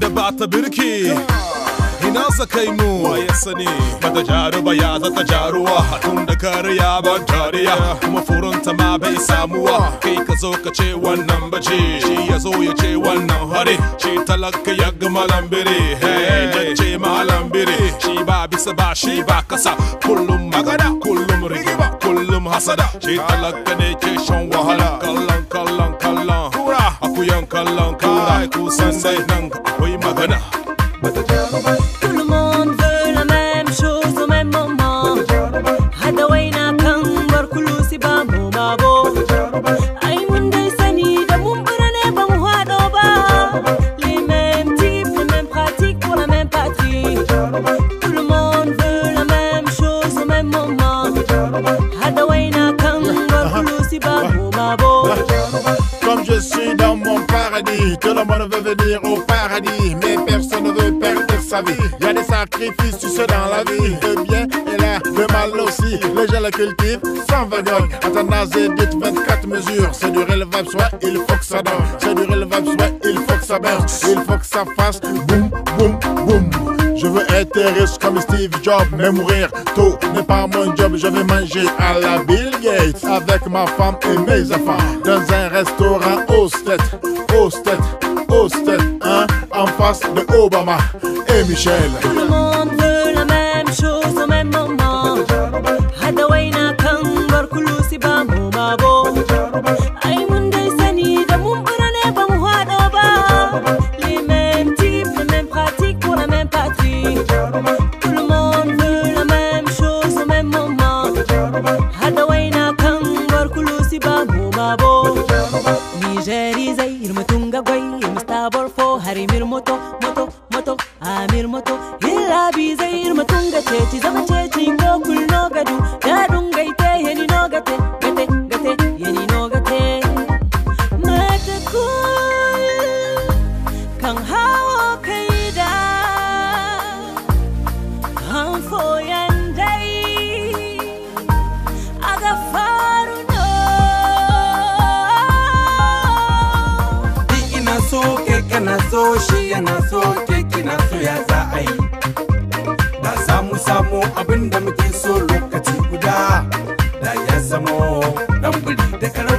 da ba ta birki ina sa kai mu waye sani bata jaruba ya zata jaruwa tun da kariya ba tariya kuma furunta ma bai samuwa kai ka zo ka ce wannan baje shi ya zo ya ce wannan hare shi talaka ya ga he da ce malambiri shi ba bisa ba shi ba kasa kullum magana kullum rigima kullum hasada shi talaka ne ke shan wahala kallon kallon kallon akuyan kallon kallon kusan dai oui Madonna. Tout le monde veut la même chose au même moment. Hadaway na kan si ba mu ma bo. Ai mun de sani da mun brane ba mu ba. Les mêmes types, les mêmes pratiques pour la même patrie. Tout le monde veut la même chose au même moment. Hadaway na kan bar si ba mu bo. Comme je suis dans mon paradis, que le monde veut venir au mais personne ne veut perdre sa vie. Il Y a des sacrifices, tu ceux dans la vie. Le bien est là, le mal aussi. Les gens le cultivent sans vergogne. Athanasie dites 24 mesures. C'est du relevable, soit il faut que ça donne. C'est du relevable, soit il faut que ça baisse. Il faut que ça fasse boum, boum, boum. Je veux être riche comme Steve Jobs, mais mourir tôt n'est pas mon job. Je vais manger à la Bill Gates avec ma femme et mes enfants dans un restaurant au hostet, au hein face de Obama et Michel. Tout le monde veut la même chose au même moment. moto moto moto amir moto bi zair matunga ceci zama ceci nokul nogadu te yeni nogate gate gate yeni nogate mata kul kan hawo kaida han foyan dai aga fa so shi yana so ke kina so ya za a yi da samu samu abin da muke so lokaci guda da ya zamo dan buri da kara